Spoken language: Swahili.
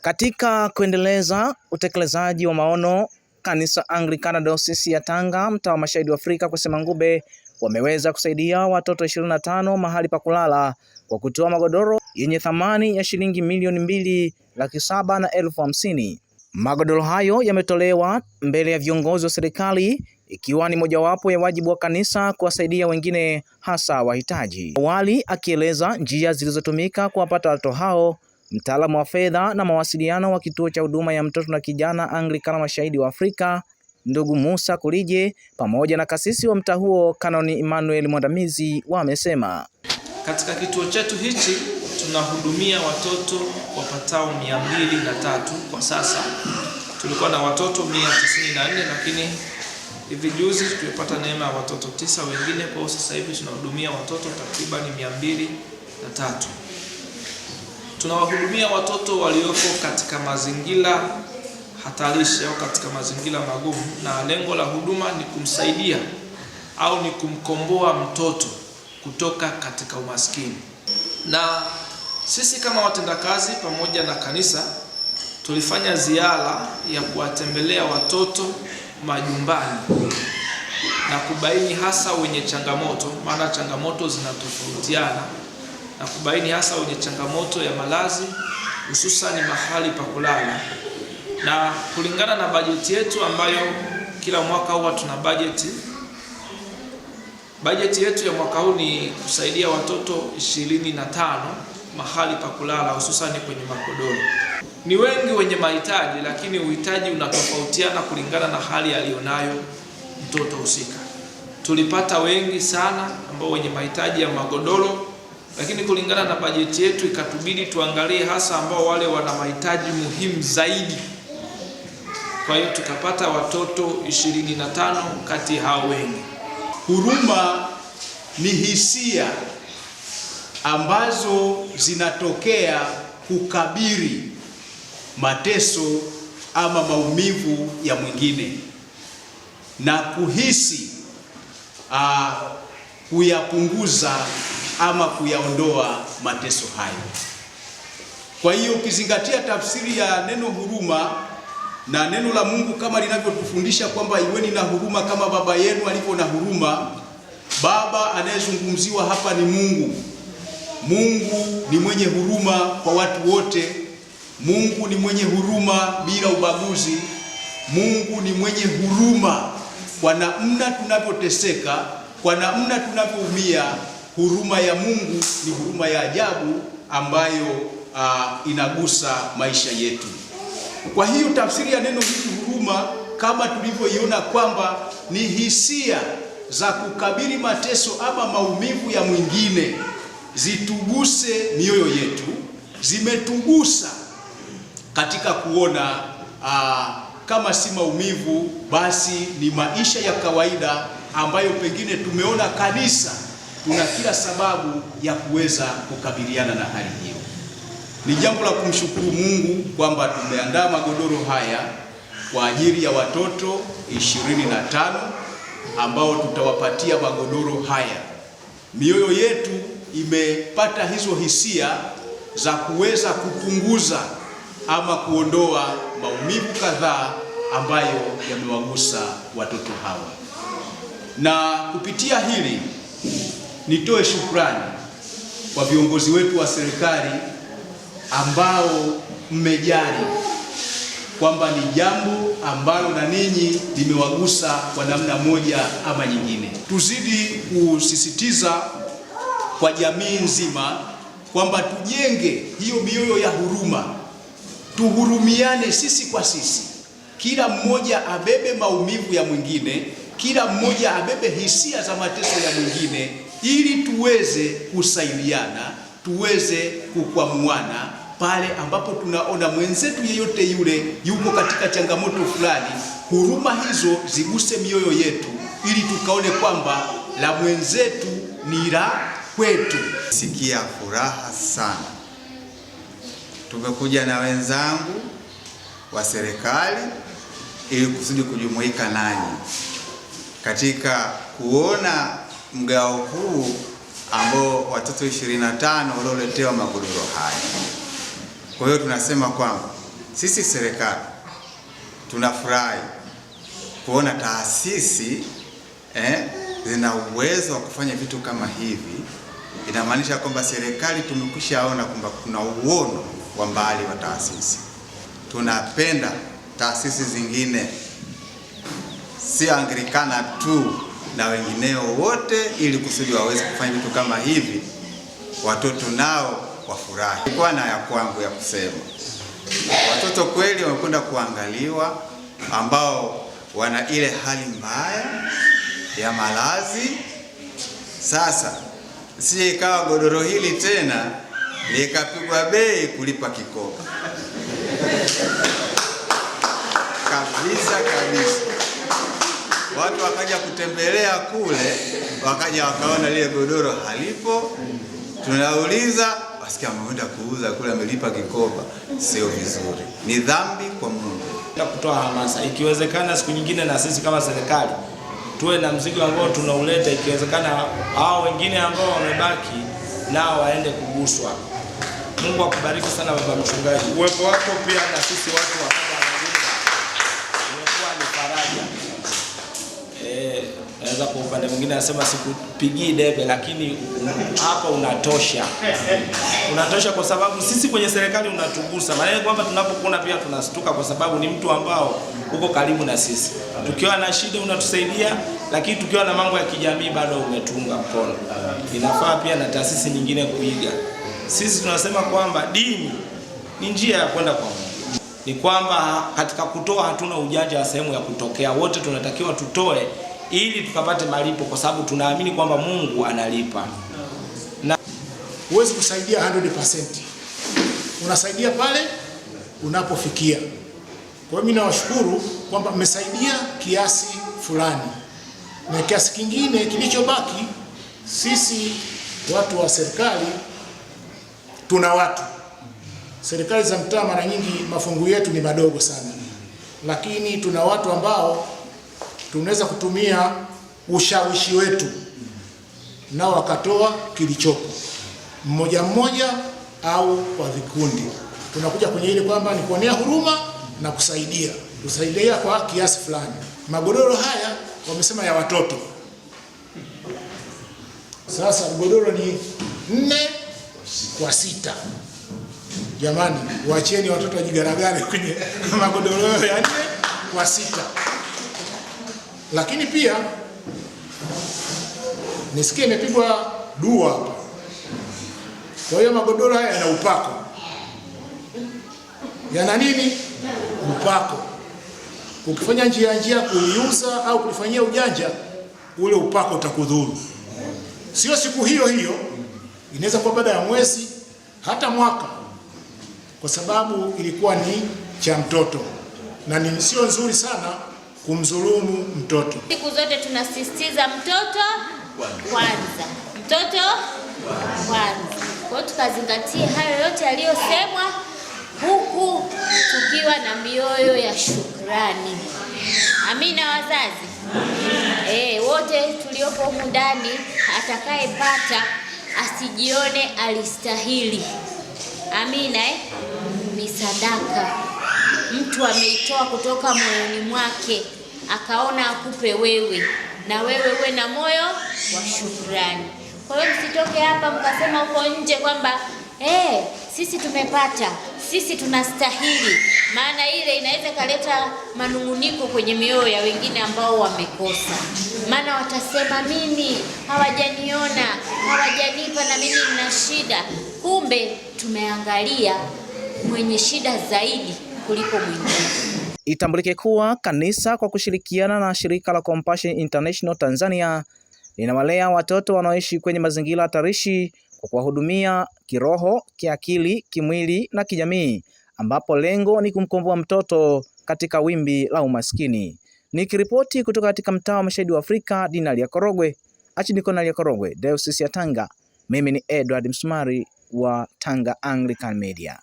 Katika kuendeleza utekelezaji wa maono, kanisa Anglikana Dayosisi ya Tanga mtaa wa Mashahidi wa Afrika kwa Semangube wameweza kusaidia watoto 25 mahali pa kulala kwa kutoa magodoro yenye thamani ya shilingi milioni mbili laki saba na elfu hamsini. Magodoro hayo yametolewa mbele ya viongozi wa serikali ikiwa ni mojawapo ya wajibu wa kanisa kuwasaidia wengine hasa wahitaji. Awali akieleza njia zilizotumika kuwapata watoto hao Mtaalamu wa fedha na mawasiliano wa kituo cha huduma ya mtoto na kijana Anglikana Mashahidi wa Afrika ndugu Musa Kulije pamoja na kasisi wa mtaa huo Kanoni Emmanuel Mwandamizi wamesema katika kituo chetu hichi tunahudumia watoto wapatao mia mbili na tatu kwa sasa. Tulikuwa na watoto mia tisini na nne lakini hivi juzi tumepata neema ya watoto tisa wengine. Kwa hiyo sasa hivi tunahudumia watoto takribani mia mbili na tatu tunawahudumia watoto walioko katika mazingira hatarishi au katika mazingira magumu, na lengo la huduma ni kumsaidia au ni kumkomboa mtoto kutoka katika umaskini. Na sisi kama watendakazi pamoja na kanisa tulifanya ziara ya kuwatembelea watoto majumbani na kubaini hasa wenye changamoto, maana changamoto zinatofautiana na kubaini hasa wenye changamoto ya malazi hususani mahali pa kulala, na kulingana na bajeti yetu ambayo kila mwaka huwa tuna bajeti. Bajeti yetu ya mwaka huu ni kusaidia watoto ishirini na tano mahali pa kulala hususani kwenye makodoro. Ni wengi wenye mahitaji, lakini uhitaji unatofautiana kulingana na hali aliyonayo mtoto husika. Tulipata wengi sana ambao wenye mahitaji ya magodoro lakini kulingana na bajeti yetu ikatubidi tuangalie hasa ambao wale wana mahitaji muhimu zaidi. Kwa hiyo tukapata watoto 25 kati ya hao wengi. Huruma ni hisia ambazo zinatokea kukabiri mateso ama maumivu ya mwingine na kuhisi aa, ah, kuyapunguza ama kuyaondoa mateso hayo. Kwa hiyo ukizingatia tafsiri ya neno huruma na neno la Mungu kama linavyotufundisha kwamba iweni na huruma kama baba yenu alivyo na huruma. Baba anayezungumziwa hapa ni Mungu. Mungu ni mwenye huruma kwa watu wote. Mungu ni mwenye huruma bila ubaguzi. Mungu ni mwenye huruma kwa namna tunavyoteseka kwa namna tunavyoumia, huruma ya Mungu ni huruma ya ajabu ambayo uh, inagusa maisha yetu. Kwa hiyo tafsiri ya neno hili huruma, kama tulivyoiona kwamba ni hisia za kukabili mateso ama maumivu ya mwingine zituguse mioyo yetu, zimetugusa katika kuona aa, ah, kama si maumivu basi ni maisha ya kawaida ambayo pengine tumeona kanisa tuna kila sababu ya kuweza kukabiliana na hali hiyo. Ni jambo la kumshukuru Mungu kwamba tumeandaa magodoro haya kwa ajili ya watoto 25 ambao tutawapatia magodoro haya. Mioyo yetu imepata hizo hisia za kuweza kupunguza ama kuondoa maumivu kadhaa ambayo yamewagusa watoto hawa. Na kupitia hili nitoe shukrani kwa viongozi wetu wa serikali ambao mmejali kwamba ni jambo ambalo na ninyi limewagusa kwa namna moja ama nyingine. Tuzidi kusisitiza kwa jamii nzima kwamba tujenge hiyo mioyo ya huruma, tuhurumiane sisi kwa sisi, kila mmoja abebe maumivu ya mwingine kila mmoja abebe hisia za mateso ya mwingine, ili tuweze kusaidiana, tuweze kukwamuana pale ambapo tunaona mwenzetu yeyote yule yuko katika changamoto fulani. Huruma hizo ziguse mioyo yetu, ili tukaone kwamba la mwenzetu ni la kwetu. Sikia furaha sana, tumekuja na wenzangu wa serikali ili kusudi kujumuika nanyi katika kuona mgao huu ambao watoto 25 walioletewa magodoro haya. Kwa hiyo tunasema kwamba sisi serikali tunafurahi kuona taasisi eh, zina uwezo wa kufanya vitu kama hivi. Inamaanisha kwamba serikali tumekwishaona kwamba kuna uono wa mbali wa taasisi. Tunapenda taasisi zingine sio Anglikana tu na wengineo wote, ili kusudi waweze kufanya vitu kama hivi, watoto nao wafurahi. Ilikuwa na ya kwangu ya kusema, watoto kweli wamekwenda kuangaliwa, ambao wana ile hali mbaya ya malazi. Sasa si ikawa godoro hili tena likapigwa bei kulipa kikopo kabisa kabisa watu wakaja kutembelea kule, wakaja wakaona lile godoro halipo, tunauliza wasikia ameenda kuuza kule, amelipa kikoba. Sio vizuri, ni dhambi kwa Mungu. Kutoa hamasa, ikiwezekana siku nyingine na sisi kama serikali tuwe na mzigo ambao tunauleta, ikiwezekana hao wengine ambao wamebaki nao waende kuguswa. Mungu akubariki sana baba mchungaji, uwepo wako pia na sisi watu wa kwa upande mwingine anasema sikupigii debe, lakini hapa unatosha, unatosha kwa sababu sisi kwenye serikali unatugusa. Maana kwamba tunapokuona pia tunastuka, kwa sababu ni mtu ambao uko karibu na sisi. Tukiwa na shida unatusaidia, lakini tukiwa na mambo ya kijamii bado umetunga mkono. Inafaa pia na taasisi nyingine kuiga. Sisi tunasema kwamba dini ni njia ya kwenda kwa Mungu ni kwamba katika kutoa hatuna ujanja wa sehemu ya kutokea. Wote tunatakiwa tutoe ili tukapate malipo, kwa sababu tunaamini kwamba Mungu analipa. Na huwezi kusaidia 100%. Unasaidia pale unapofikia. Kwa hiyo mimi nawashukuru kwamba mmesaidia kiasi fulani, na kiasi kingine kilichobaki sisi watu wa serikali tuna watu serikali za mtaa, mara nyingi mafungu yetu ni madogo sana, lakini tuna watu ambao tunaweza kutumia ushawishi wetu nao wakatoa kilichopo mmoja mmoja au kwa vikundi. Tunakuja kwenye ile kwamba ni kuonea huruma na kusaidia, kusaidia kwa kiasi fulani. Magodoro haya wamesema ya watoto. Sasa godoro ni nne kwa sita. Jamani, wacheni watoto wajigaragare kwenye magodoro ya nne kwa sita. Lakini pia nisikie imepigwa dua hapa. Kwa hiyo magodoro haya yana upako, yana nini? Upako. Ukifanya njia njia kuiuza au kulifanyia ujanja, ule upako utakudhuru. Sio siku hiyo hiyo, inaweza kuwa baada ya mwezi, hata mwaka, kwa sababu ilikuwa ni cha mtoto na ni sio nzuri sana kumdhulumu mtoto. Siku zote tunasisitiza mtoto kwanza, mtoto kwanza. Kwa hiyo tukazingatie hayo yote yaliyosemwa, huku tukiwa na mioyo ya shukrani. Amina wazazi. E, wote tuliopo humu ndani, atakayepata asijione alistahili. Amina eh? Ni sadaka mtu ameitoa kutoka moyoni mwake akaona akupe wewe, na wewe uwe na moyo wa shukrani. Kwa hiyo msitoke hapa mkasema huko nje kwamba hey, eh, sisi tumepata, sisi tunastahili, maana ile inaweza ikaleta manunguniko kwenye mioyo ya wengine ambao wamekosa. Maana watasema mimi hawajaniona, hawajanipa, na mimi nina shida. Kumbe tumeangalia mwenye shida zaidi kuliko mwingine. Itambulike kuwa kanisa kwa kushirikiana na shirika la Compassion International Tanzania linawalea watoto wanaoishi kwenye mazingira hatarishi kwa kuwahudumia kiroho, kiakili, kimwili na kijamii, ambapo lengo ni kumkomboa mtoto katika wimbi la umaskini. Nikiripoti kutoka katika mtaa wa Mashahidi wa Afrika, Dinali ya Korogwe, Achidikona ya Korogwe, Dayosisi ya Tanga, mimi ni Edward Msumari wa Tanga Anglican Media.